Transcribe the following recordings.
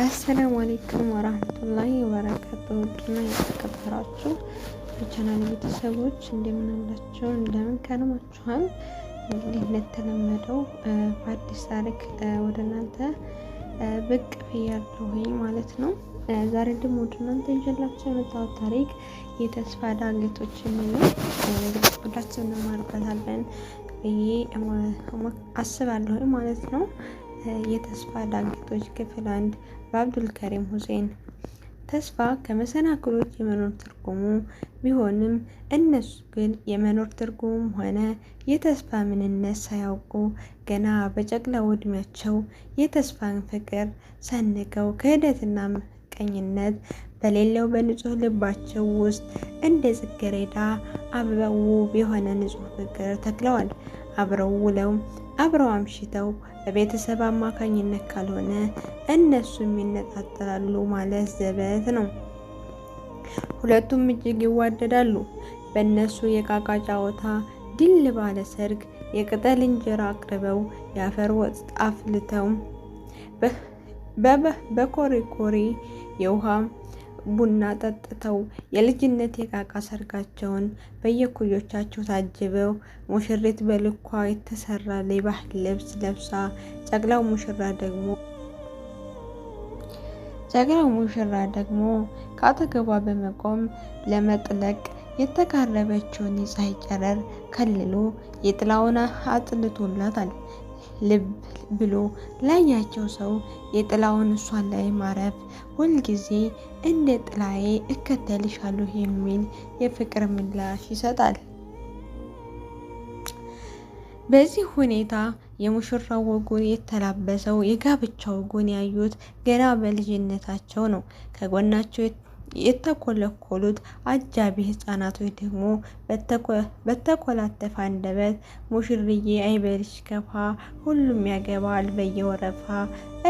አሰላሙ አሌይኩም ወራህመቱላሂ ወበረካቱ። ውድና የተከበራችሁ የቻናል ቤተሰቦች እንደምን አላችሁ? እንደምን ከርማችኋል? እንግዲህ እንደተለመደው በአዲስ ታሪክ ወደ እናንተ ብቅ ብያለሁኝ ማለት ነው። ዛሬ ደግሞ ወደ እናንተ ይዤላችሁ የመጣሁት ታሪክ የተስፋ ዳገቶች የሚሉ እንግዲህ እንማርበታለን ብዬ አስባለሁ ማለት ነው። የተስፋ ዳገቶች ክፍል አንድ በአብዱልከሪም ሁሴን። ተስፋ ከመሰናክሎች የመኖር ትርጉሙ ቢሆንም እነሱ ግን የመኖር ትርጉሙም ሆነ የተስፋ ምንነት ሳያውቁ ገና በጨቅላው ዕድሜያቸው የተስፋን ፍቅር ሰንቀው ክህደትና ምቀኝነት በሌለው በንጹህ ልባቸው ውስጥ እንደ ጽጌረዳ አበባ ውብ የሆነ ንጹህ ፍቅር ተክለዋል። አብረው ውለው አብረው አምሽተው በቤተሰብ አማካኝነት ካልሆነ እነሱም ይነጣጠላሉ ማለት ዘበት ነው። ሁለቱም እጅግ ይዋደዳሉ። በእነሱ የቃቃ ጫወታ ድል ባለ ሰርግ የቅጠል እንጀራ አቅርበው የአፈር ወጥ አፍልተው በኮሪኮሪ የውሃ ቡና ጠጥተው የልጅነት የቃቃ ሰርጋቸውን በየኩዮቻቸው ታጅበው ሙሽሪት በልኳ የተሰራ የባህል ልብስ ለብሳ ጨቅላው ሙሽራ ደግሞ ጨቅላው ሙሽራ ደግሞ ከአጠገቧ በመቆም ለመጥለቅ የተቃረበችውን የፀሐይ ጨረር ከልሎ የጥላውን አጥልቶላታል። ልብ ብሎ ላያቸው ሰው የጥላውን እሷን ላይ ማረፍ ሁልጊዜ እንደ ጥላዬ እከተልሻለሁ የሚል የፍቅር ምላሽ ይሰጣል። በዚህ ሁኔታ የሙሽራው ወጉን የተላበሰው የጋብቻው ጎን ያዩት ገና በልጅነታቸው ነው። ከጎናቸው የተኮለኮሉት አጃቢ ህጻናቶች ደግሞ በተኮላተፈ አንደበት ሙሽርዬ አይበልሽ ከፋ ሁሉም ያገባል በየወረፋ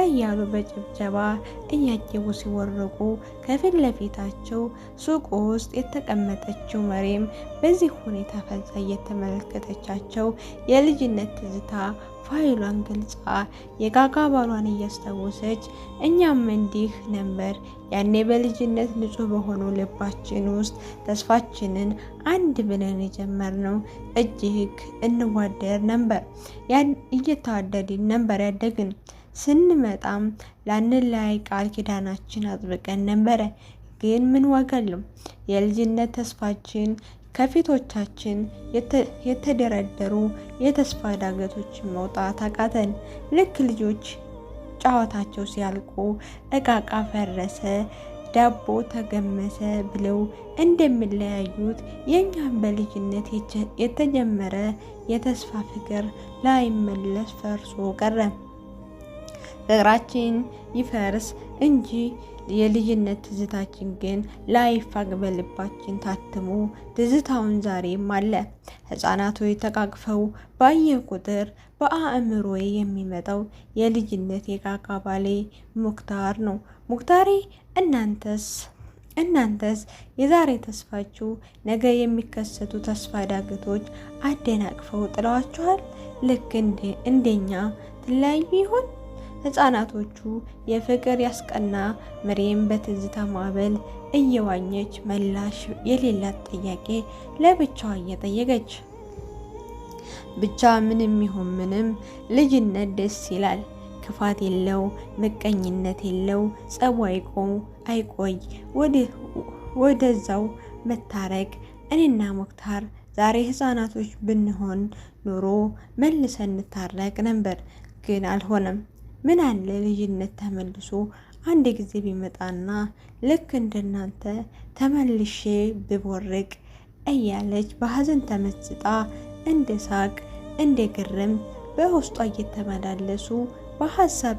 እያሉ በጭብጨባ እያጀቡ ሲወርቁ ከፊት ለፊታቸው ሱቁ ውስጥ የተቀመጠችው መሬም በዚህ ሁኔታ ፈዛ እየተመለከተቻቸው የልጅነት ትዝታ ፋይሏን ገልጻ የጋጋ ባሏን እያስታወሰች እኛም እንዲህ ነበር ያኔ በልጅነት ንጹህ በሆነው ልባችን ውስጥ ተስፋችንን አንድ ብለን የጀመርነው እጅግ እንዋደር ነበር። እየተዋደድን ነበር ያደግን። ስንመጣም ላንለያይ ቃል ኪዳናችን አጥብቀን ነበረ። ግን ምን ዋጋ አለው? የልጅነት ተስፋችን ከፊቶቻችን የተደረደሩ የተስፋ ዳገቶችን መውጣት አቃተን። ልክ ልጆች ጨዋታቸው ሲያልቁ እቃቃ ፈረሰ፣ ዳቦ ተገመሰ ብለው እንደሚለያዩት የእኛም በልጅነት የተጀመረ የተስፋ ፍቅር ላይመለስ ፈርሶ ቀረ። ፍቅራችን ይፈርስ እንጂ የልጅነት ትዝታችን ግን ላይፋቅ በልባችን ታትሞ ትዝታውን ዛሬም አለ። ህፃናቱ ተቃቅፈው ባየ ቁጥር በአእምሮ የሚመጣው የልጅነት የቃቃ ባሌ ሙክታር ነው። ሙክታሬ እናንተስ እናንተስ የዛሬ ተስፋችሁ ነገ የሚከሰቱ ተስፋ ዳገቶች አደናቅፈው ጥለዋችኋል? ልክ እንደኛ ትለያዩ ይሆን? ሕፃናቶቹ የፍቅር ያስቀና መሬም በትዝታ ማዕበል እየዋኘች መላሽ የሌላት ጥያቄ ለብቻዋ እየጠየቀች ብቻ ምንም ይሁን ምንም ልጅነት ደስ ይላል። ክፋት የለው፣ ምቀኝነት የለው፣ ጸቡ አይቆይ፣ ወደዛው መታረቅ። እኔና ሙክታር ዛሬ ህፃናቶች ብንሆን ኑሮ መልሰን እንታረቅ ነበር፣ ግን አልሆነም። ምን አለ ልጅነት ተመልሶ አንድ ጊዜ ቢመጣና ልክ እንደናንተ ተመልሼ ብቦርቅ እያለች በሀዘን ተመስጣ እንደ ሳቅ እንደ ግርም በውስጧ እየተመላለሱ በሀሳብ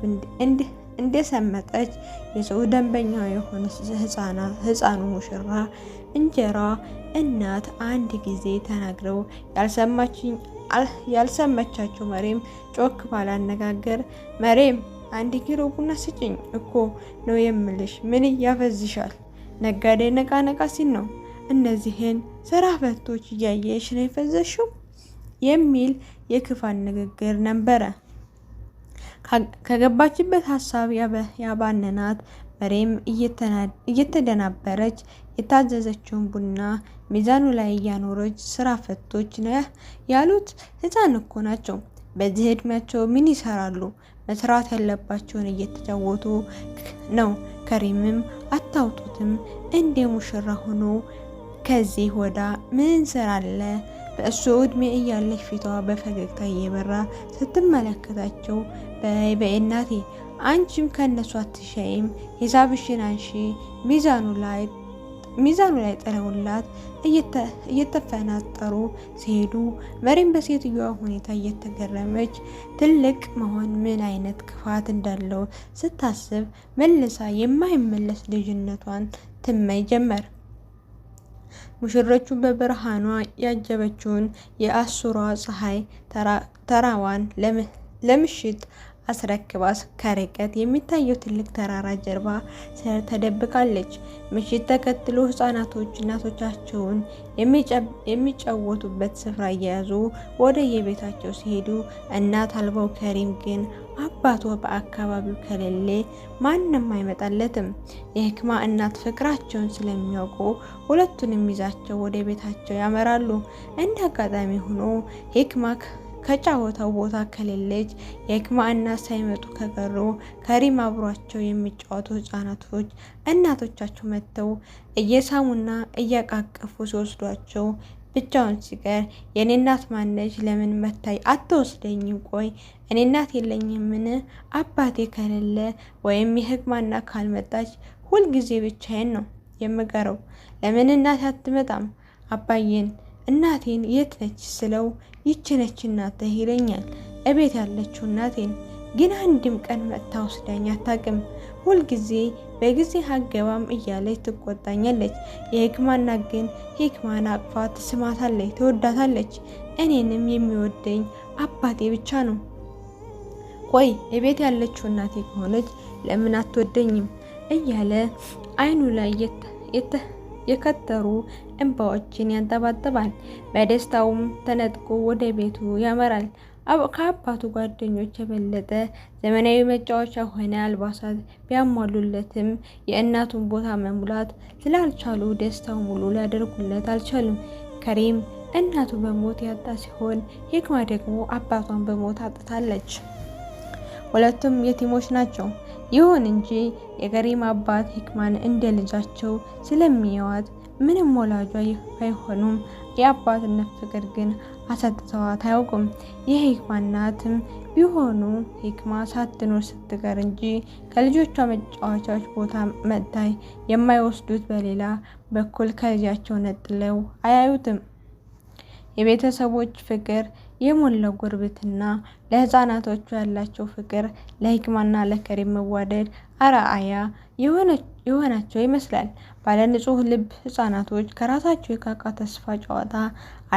እንደሰመጠች የሰው ደንበኛ የሆነ ህፃኑ ሙሽራ እንጀራ እናት አንድ ጊዜ ተናግረው ያልሰማችኝ ያልሰመቻቸው መሬም ጮክ ባላነጋገር መሬም አንድ ኪሎ ቡና ስጭኝ እኮ ነው የምልሽ፣ ምን ያፈዝሻል? ነጋዴ ነቃ ነቃ ሲል ነው እነዚህን ስራ ፈቶች እያየሽ ነው የፈዘሽው የሚል የክፋን ንግግር ነበረ። ከገባችበት ሀሳብ ያባነናት በሬም እየተደናበረች የታዘዘችውን ቡና ሚዛኑ ላይ እያኖረች ስራ ፈቶች ነ ያሉት ህፃን እኮ ናቸው። በዚህ እድሜያቸው ምን ይሰራሉ? መስራት ያለባቸውን እየተጫወቱ ነው። ከሪምም አታውጡትም እንደ ሙሽራ ሆኖ ከዚህ ወዳ ምን ስራ አለ? በእሱ እድሜ እያለች ፊቷ በፈገግታ እየበራ ስትመለከታቸው በይ በይ እናቴ አንቺም ከእነሱ አትሻይም፣ ሂሳብሽን አንሺ፣ ሚዛኑ ላይ ጥለውላት እየተፈናጠሩ ሲሄዱ መሪም በሴትዮዋ ሁኔታ እየተገረመች ትልቅ መሆን ምን አይነት ክፋት እንዳለው ስታስብ መልሳ የማይመለስ ልጅነቷን ትመኝ ጀመር። ሙሽሮቹ በብርሃኗ ያጀበችውን የአሱሯ ፀሐይ ተራዋን ለምን ለምሽት አስረክባ ከርቀት የሚታየው ትልቅ ተራራ ጀርባ ስር ተደብቃለች። ምሽት ተከትሎ ህጻናቶች እናቶቻቸውን የሚጫወቱበት ስፍራ እየያዙ ወደ የቤታቸው ሲሄዱ እናት አልባው ከሪም ግን አባቷ በአካባቢው ከሌለ ማንም አይመጣለትም። የህክማ እናት ፍቅራቸውን ስለሚያውቁ ሁለቱንም ይዛቸው ወደ ቤታቸው ያመራሉ። እንደ አጋጣሚ ሆኖ ሂክማ ከጫወታው ቦታ ከሌለች የሂክማ እናት ሳይመጡ ከቀሩ ከሪም አብሯቸው የሚጫወቱ ህጻናቶች እናቶቻቸው መጥተው እየሳሙና እያቃቀፉ ሲወስዷቸው ብቻውን ሲቀር የእኔ እናት ማነች? ለምን መታይ አትወስደኝም? ቆይ እኔ እናት የለኝምን? አባቴ ከሌለ ወይም የህክማና ካልመጣች ሁልጊዜ ብቻዬን ነው የምቀረው። ለምን እናት አትመጣም? አባዬን እናቴን የት ነች ስለው ነች እናትህ ይለኛል። እቤት ያለችው እናቴን ግን አንድም ቀን መጥታ ወስዳኝ አታውቅም። ሁልጊዜ በጊዜ አገባም እያለች ትቆጣኛለች። የህክማና ግን ህክማን አቅፋ ትስማታለች፣ ትወዳታለች። እኔንም የሚወደኝ አባቴ ብቻ ነው። ቆይ እቤት ያለችው እናቴ ከሆነች ለምን አትወደኝም? እያለ አይኑ ላይ የከተሩ እንባዎችን ያንጠባጥባል። በደስታውም ተነጥቆ ወደ ቤቱ ያመራል። ከአባቱ ጓደኞች የበለጠ ዘመናዊ መጫወቻ ሆነ አልባሳት ቢያሟሉለትም የእናቱን ቦታ መሙላት ስላልቻሉ ደስታው ሙሉ ሊያደርጉለት አልቻሉም። ከሪም እናቱ በሞት ያጣ ሲሆን ሂክማ ደግሞ አባቷን በሞት አጥታለች። ሁለቱም የቲሞች ናቸው። ይሁን እንጂ የከሪም አባት ሂክማን እንደ ልጃቸው ስለሚያዋት ምንም ወላጇ አይሆኑም። የአባትነት ፍቅር ግን አሰጥተዋት አያውቁም። የሂክማ እናትም ቢሆኑ ሂክማ ሳትኖር ስትቀር እንጂ ከልጆቿ መጫወቻዎች ቦታ መታይ የማይወስዱት በሌላ በኩል ከልጃቸው ነጥለው አያዩትም። የቤተሰቦች ፍቅር የሞላው ጉርብትና፣ ለህፃናቶቹ ያላቸው ፍቅር፣ ለህክማና ለከሪም መዋደድ አርአያ የሆናቸው ይመስላል። ባለንጹህ ልብ ህፃናቶች ከራሳቸው የካቃ ተስፋ ጨዋታ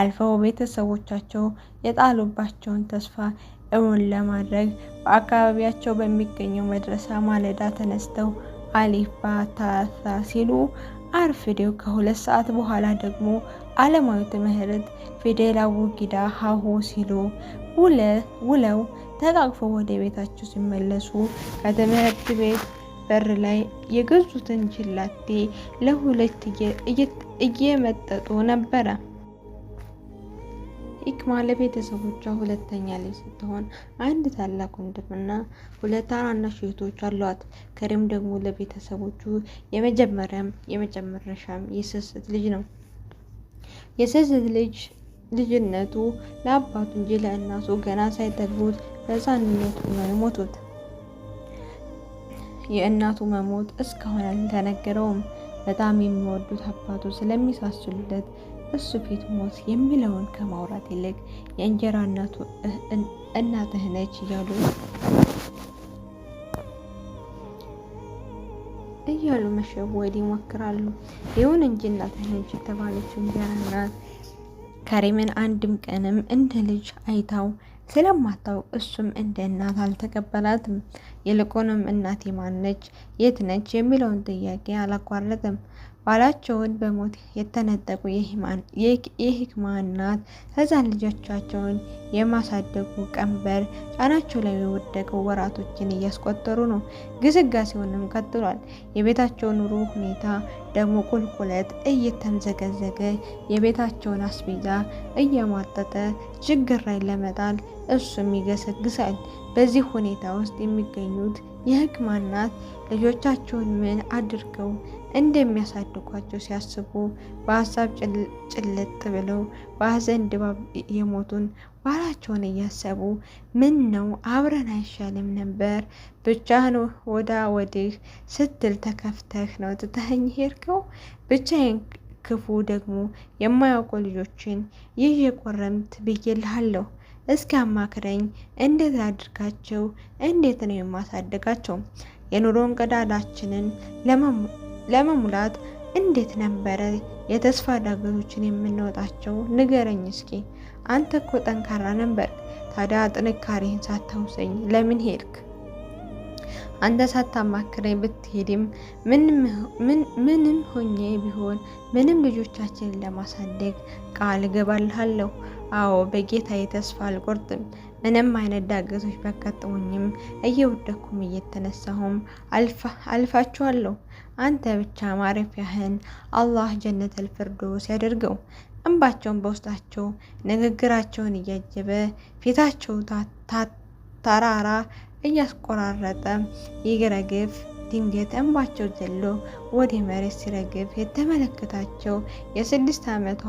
አልፈው ቤተሰቦቻቸው የጣሉባቸውን ተስፋ እውን ለማድረግ በአካባቢያቸው በሚገኘው መድረሳ ማለዳ ተነስተው አሊፍ ባታታ ሲሉ አርፍዴው ከሁለት ሰዓት በኋላ ደግሞ አለማዊ ትምህርት ፊደል ጊዳ ሀሆ ሲሉ ውለው ተቃቅፈው ወደ ቤታቸው ሲመለሱ ከትምህርት ቤት በር ላይ የገዙትን ጅላቴ ለሁለት እየመጠጡ ነበረ። ሂክማ ለቤተሰቦቿ ሁለተኛ ልጅ ስትሆን አንድ ታላቅ ወንድምና ሁለት ታናናሽ እህቶች አሏት። ከሪም ደግሞ ለቤተሰቦቹ የመጀመሪያም የመጨረሻም የስስት ልጅ ነው። የስዝት ልጅ ልጅነቱ ለአባቱ እንጂ ለእናቱ ገና ሳይጠግቡት በሕፃንነቱ ነው የሞቱት። የእናቱ መሞት እስካሁን አልተነገረውም። በጣም የሚወዱት አባቱ ስለሚሳስሉለት እሱ ፊት ሞት የሚለውን ከማውራት ይልቅ የእንጀራ እናትህ ነች እያሉ እያሉ መሸወድ ይሞክራሉ። ይሁን እንጂ እናትህ ነች የተባለች እንጀራ ናት። ከሪምን አንድም ቀንም እንደ ልጅ አይታው ስለማታውቅ እሱም እንደ እናት አልተቀበላትም። ይልቁንም እናቴ ማነች፣ የት ነች የሚለውን ጥያቄ አላቋረጥም። ባላቸውን በሞት የተነጠቁ የሂክማ እናት ህፃን ልጆቻቸውን የማሳደጉ ቀንበር ጫናቸው ላይ የወደቀው ወራቶችን እያስቆጠሩ ነው። ግስጋሴውንም ቀጥሏል። የቤታቸው ኑሮ ሁኔታ ደግሞ ቁልቁለት እየተምዘገዘገ የቤታቸውን አስቤዛ እየሟጠጠ ችግር ላይ ለመጣል እሱም ይገሰግሳል። በዚህ ሁኔታ ውስጥ የሚገኙት የሂክማ እናት ልጆቻቸውን ምን አድርገው እንደሚያሳድጓቸው ሲያስቡ በሀሳብ ጭልጥ ብለው በሀዘን ድባብ የሞቱን ባላቸውን እያሰቡ ምን ነው አብረን አይሻልም ነበር ብቻህን ወዳ ወዲህ ስትል ተከፍተህ ነው ትተኸኝ ሄድከው ብቻዬን ክፉ ደግሞ የማያውቁ ልጆችን ይህ የቆረምት ብዬልሃለሁ እስኪ አማክረኝ እንዴት አድርጋቸው እንዴት ነው የማሳደጋቸው የኑሮን ቀዳዳችንን ለመሙላት እንዴት ነበረ የተስፋ ዳገቶችን የምንወጣቸው? ንገረኝ እስኪ። አንተ እኮ ጠንካራ ነበር። ታዲያ ጥንካሬህን ሳታውሰኝ ለምን ሄድክ? አንተ ሳታማክረኝ ብትሄድም ምንም ሆኜ ቢሆን ምንም ልጆቻችንን ለማሳደግ ቃል እገባልሃለሁ። አዎ በጌታዬ ተስፋ አልቆርጥም። ምንም አይነት ዳገቶች ቢያጋጥሙኝም እየወደኩም እየተነሳሁም አልፋችኋለሁ። አንተ ብቻ ማረፊያህን አላህ ጀነተል ፊርዶስ ያደርገው። እንባቸውን በውስጣቸው ንግግራቸውን እያጀበ ፊታቸው ተራራ እያስቆራረጠ ይረግፍ። ድንገት እንባቸው ዘሎ ወደ መሬት ሲረግፍ የተመለከታቸው የስድስት ዓመቷ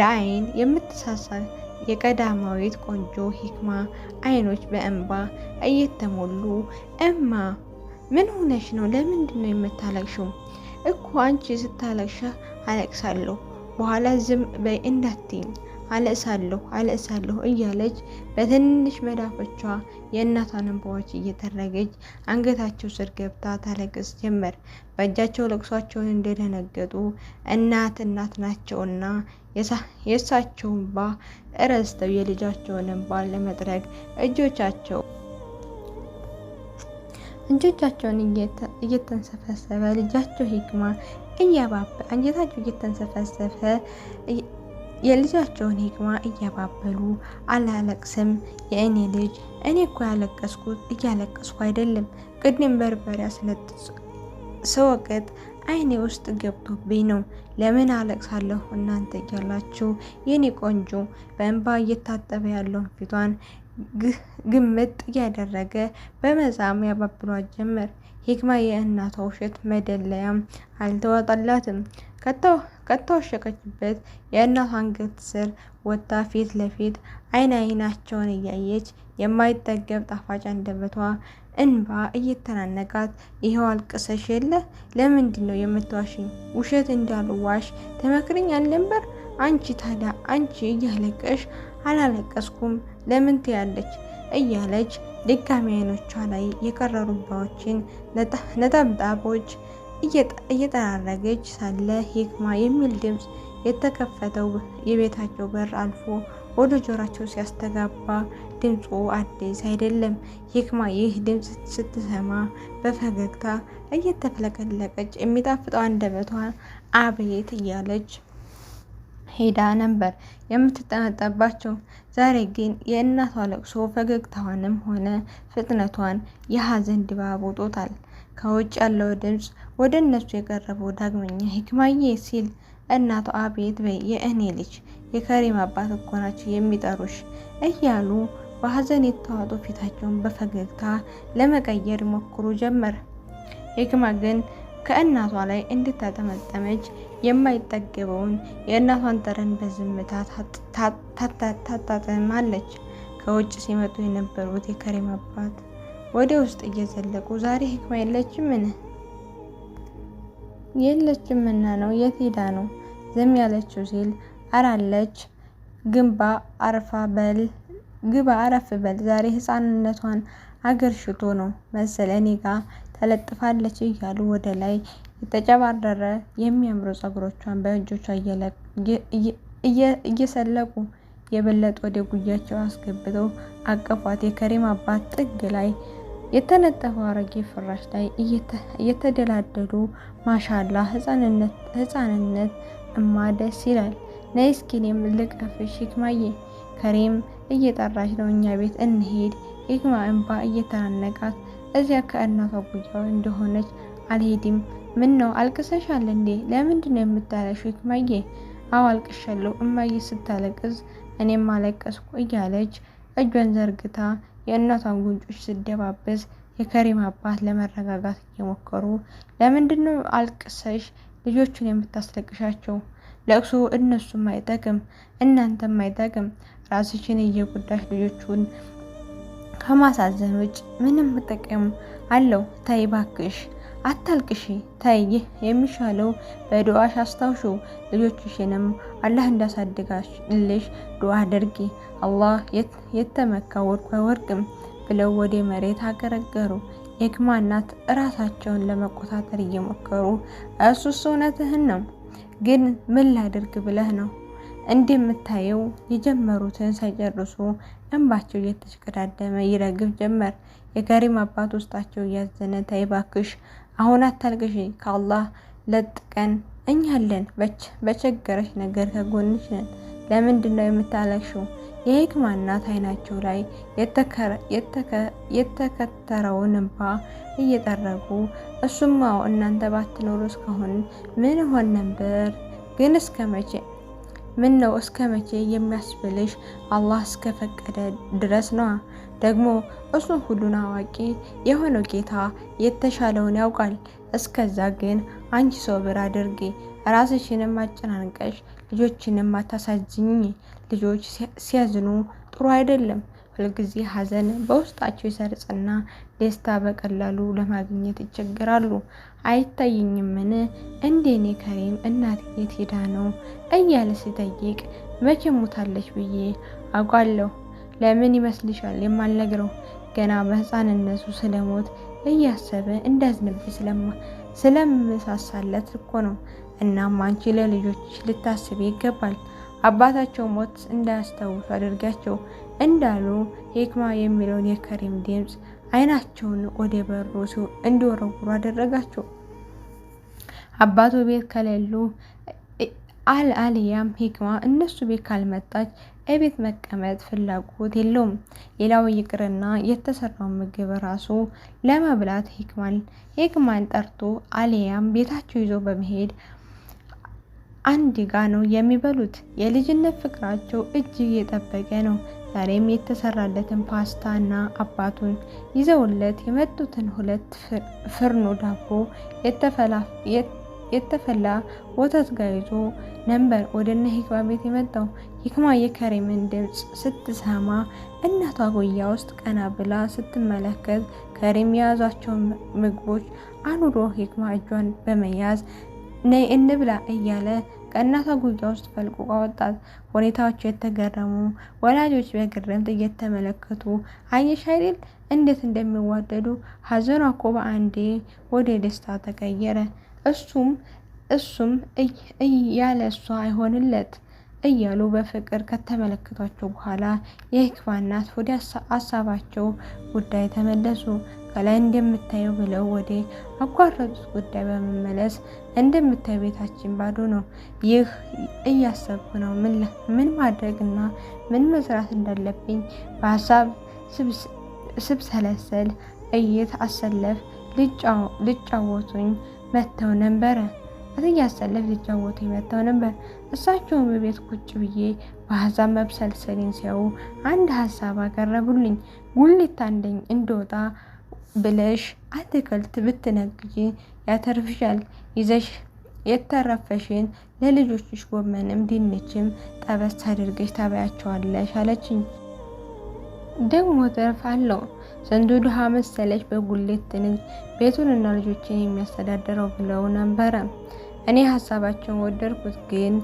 ለአይን የምትሳሳ የቀዳማዊት ቆንጆ ሂክማ አይኖች በእንባ እየተሞሉ እማ ምን ሆነሽ ነው? ለምንድን ነው የምታለቅሽው? እኮ አንቺ ስታለቅሻ አለቅሳለሁ በኋላ ዝም በይ እንዳትኝ አለእሳለሁ አለእሳለሁ እያለች በትንሽ መዳፎቿ የእናቷን እንባዎች እየጠረገች አንገታቸው ስር ገብታ ታለቅስ ጀመር። በእጃቸው ለቅሷቸውን እንደደነገጡ እናት እናት ናቸውና የእሳቸውን እንባ እረስተው የልጃቸውን እንባ ለመጥረግ እጆቻቸው እጆቻቸውን እየተንሰፈሰፈ ልጃቸው ሂክማ እያባበ አንጀታቸው እየተንሰፈሰፈ የልጃቸውን ሂክማ እያባበሉ አላለቅስም የእኔ ልጅ፣ እኔ እኮ ያለቀስኩት እያለቀስኩ አይደለም፣ ቅድም በርበሪያ ስወቅጥ አይኔ ውስጥ ገብቶብኝ ነው። ለምን አለቅሳለሁ እናንተ እያላችሁ የኔ ቆንጆ በእንባ እየታጠበ ያለውን ፊቷን ግምጥ እያደረገ በመዛም ያባብሏት ጀመር። ሂክማ የእናቷ ውሸት መደለያም አልተዋጣላትም። ከተወሸቀችበት የእናቷ አንገት ስር ወጥታ ፊት ለፊት አይን አይናቸውን እያየች የማይጠገብ ጣፋጭ አንደበቷ እንባ እየተናነቃት ይኸው አልቅሰሽ የለ ለምንድን ነው የምትዋሽኝ? ውሸት እንዳልዋሽ ተመክርኛል አልነበር? አንቺ ታዲያ አንቺ እያለቀሽ አላለቀስኩም ለምን ትያለች እያለች ድጋሚ አይኖቿ ላይ የቀረሩ እምባዎችን ነጠብጣቦች እየጠራረገች ሳለ ሂክማ የሚል ድምፅ የተከፈተው የቤታቸው በር አልፎ ወደ ጆራቸው ሲያስተጋባ ድምፁ አዲስ አይደለም። ሂክማ ይህ ድምፅ ስትሰማ በፈገግታ እየተፍለቀለቀች የሚጣፍጠው አንደበቷ አቤት እያለች ሄዳ ነበር የምትጠነጠባቸው። ዛሬ ግን የእናቷ ለቅሶ ፈገግታዋንም ሆነ ፍጥነቷን የሀዘን ድባብ ውጦታል። ከውጭ ያለው ድምፅ ወደ እነሱ የቀረበው ዳግመኛ ሂክማዬ ሲል እናቷ አቤት በይ የእኔ ልጅ የከሪም አባት እኮ ናቸው የሚጠሩሽ እያሉ በሀዘን የተዋጡ ፊታቸውን በፈገግታ ለመቀየር ሞክሩ ጀመር። ሂክማ ግን ከእናቷ ላይ እንድታጠመጠመች የማይጠገበውን የእናቷን ጠረን በዝምታ ታጣጥማለች። ከውጭ ሲመጡ የነበሩት የከሬም አባት ወደ ውስጥ እየዘለቁ ዛሬ ህክማ የለችምን? የለችምና ነው የት ሄዳ ነው ዝም ያለችው? ሲል አራለች ግንባ አርፋ በል ግባ አረፍ በል ዛሬ ህፃንነቷን አገርሽቶ ነው መሰለ እኔ ጋ ተለጥፋለች እያሉ ወደ ላይ የተጨባረረ የሚያምሩ ፀጉሮቿን በእጆቿ እየሰለቁ የበለጠ ወደ ጉያቸው አስገብተው አቀፏት። የከሪም አባት ጥግ ላይ የተነጠፈው አረጌ ፍራሽ ላይ እየተደላደሉ ማሻላ ህፃንነት እማ ደስ ይላል። ነይ እስኪ እኔም ልቀፍሽ ሂክማዬ ከሪም እየጠራች ነው። እኛ ቤት እንሄድ። ሂክማ እንባ እየተናነቃት እዚያ ከእናቷ ጎጆ እንደሆነች አልሄድም። ምን ነው አልቅሰሻል እንዴ? ለምንድን ነው የምታለሽው? እማዬ አዎ አልቅሻለሁ እማዬ ስታለቅስ እኔም አለቀስኩ እያለች እጇን ዘርግታ የእናቷን ጉንጮች ስደባበስ የከሪም አባት ለመረጋጋት እየሞከሩ ለምንድን ነው አልቅሰሽ ልጆቹን የምታስለቅሻቸው? ለቅሶ እነሱም አይጠቅም እናንተም አይጠቅም። ራስሽን እየጎዳሽ ልጆቹን ከማሳዘን ውጭ ምንም ጥቅም አለው? ተይ ባክሽ፣ አታልቅሺ። ተይ፣ የሚሻለው በዱዓሽ አስታውሹ። ልጆችሽንም አላህ እንዳሳድጋልሽ ዱዓ አድርጊ። አላህ የተመካ ወርቅ አይወድቅም ብለው ወደ መሬት አገረገሩ። የግርማ እናት እራሳቸውን ለመቆጣጠር እየሞከሩ እሱስ እውነትህን ነው፣ ግን ምን ላድርግ ብለህ ነው እንደምታየው የጀመሩትን ሳይጨርሱ እንባቸው እየተሽቀዳደመ ይረግፍ ጀመር። የከሪም አባት ውስጣቸው እያዘነ ታይባክሽ አሁን አታልቅሽ፣ ከአላህ ለጥቀን እኛለን፣ በቸገረሽ ነገር ከጎንሽ ነን። ለምንድን ነው የምታለቅሽው? የሂክማ እናት አይናቸው ላይ የተከተረውን እንባ እየጠረጉ እሱማው እናንተ ባትኖሩ እስካሁን ምን ሆን ነበር? ግን እስከ መቼ ምን ነው እስከ መቼ የሚያስብልሽ? አላህ እስከ ፈቀደ ድረስ ነዋ። ደግሞ እሱ ሁሉን አዋቂ የሆነው ጌታ የተሻለውን ያውቃል። እስከዛ ግን አንቺ ሶብር አድርጊ፣ ራስሽንም አጨናንቀሽ ልጆችንም አታሳዝኝ። ልጆች ሲያዝኑ ጥሩ አይደለም። ሁልጊዜ ሀዘን በውስጣቸው ይሰርጽና ደስታ በቀላሉ ለማግኘት ይቸግራሉ። አይታየኝምን? እንዴኔ ከሬም እናት የት ሄዳ ነው እያለ ሲጠይቅ መቼ ሞታለች ብዬ አውቃለሁ። ለምን ይመስልሻል የማልነግረው? ገና ስለ ስለሞት እያሰበ እንዳዝንብ ስለምሳሳለት እኮ ነው። እናም አንቺ ለልጆች ልታስብ ይገባል። አባታቸው ሞት እንዳያስታውሱ አድርጋቸው። እንዳሉ ሄክማ የሚለውን የከሪም ድምፅ አይናቸውን ወደ በሩ እንዲወረውሩ አደረጋቸው። አባቱ ቤት ከሌሉ አል ሂክማ እነሱ ቤት ካልመጣች እቤት መቀመጥ ፍላጎት የለውም። ሌላው ይቅርና የተሰራው ምግብ ራሱ ለመብላት ሂክማን ሂክማን ጠርቶ አልያም ቤታቸው ይዞ በመሄድ አንድ ጋ ነው የሚበሉት። የልጅነት ፍቅራቸው እጅግ የጠበቀ ነው። ዛሬም የተሰራለትን ፓስታ እና አባቱን ይዘውለት የመጡትን ሁለት ፍርኖ ዳቦ የተፈላ ወተት ጋር ይዞ ነበር ወደ ሂክማ ቤት የመጣው። ሂክማ የከሬምን ድምፅ ስትሰማ እናቷ ጉያ ውስጥ ቀና ብላ ስትመለከት ከሬም የያዟቸው ምግቦች አኑሮ ሂክማ እጇን በመያዝ ነይ እንብላ እያለ ከእና ጉያ ውስጥ ፈልቅቆ አወጣት። ሁኔታዎች የተገረሙ ወላጆች በግርምት እየተመለከቱ አየሽ አይደል እንዴት እንደሚዋደዱ ሀዘኗ እኮ በአንዴ ወደ ደስታ ተቀየረ። እሱም እሱም እያለ እሷ አይሆንለት እያሉ በፍቅር ከተመለከቷቸው በኋላ የህክማ እናት ወደ አሳባቸው ጉዳይ ተመለሱ። ከላይ እንደምታየው ብለው ወደ አቋረጡት ጉዳይ በመመለስ እንደምታየው ቤታችን ባዶ ነው። ይህ እያሰብኩ ነው ምን ማድረግና ምን መስራት እንዳለብኝ በሀሳብ ስብሰለሰል እይት አሰለፍ ልጫወቱኝ መጥተው ነበረ እያሰለፍ ልጫወቱኝ መጥተው ነበር። እሳቸውን በቤት ቁጭ ብዬ በሀሳብ መብሰልሰሌን ሲያዩ አንድ ሀሳብ አቀረቡልኝ። ጉሊት አንደኝ እንደወጣ ብለሽ አትክልት ብትነግጂ ያተርፍሻል። ይዘሽ የተረፈሽን ለልጆችሽ ጎመንም ድንችም ጠበስ አድርገሽ ታበያቸዋለሽ አለችኝ። ደግሞ ትርፍ አለው ዘንዱ ድሃ መሰለች በጉሌት ትንግ ቤቱንና ልጆችን የሚያስተዳድረው ብለው ነበረ። እኔ ሀሳባቸውን ወደድኩት፣ ግን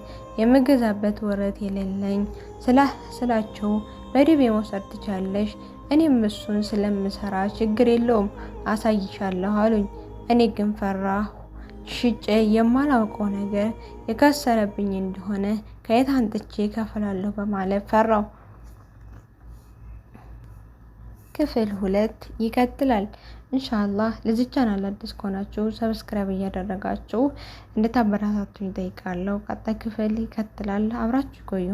የምገዛበት ወረት የሌለኝ ስላስላቸው በድቤ መውሰድ ትቻለሽ እኔም እሱን ስለምሰራ ችግር የለውም አሳይሻለሁ አሉኝ። እኔ ግን ፈራሁ። ሽጬ የማላውቀው ነገር የከሰረብኝ እንደሆነ ከየት አንጥቼ ከፍላለሁ በማለት ፈራው። ክፍል ሁለት ይቀጥላል። እንሻላ ለዚህ ቻናል አዲስ ከሆናችሁ ሰብስክራይብ እያደረጋችሁ እንድታበረታቱኝ ይጠይቃለሁ። ቀጣይ ክፍል ይቀጥላል። አብራችሁ ቆዩ።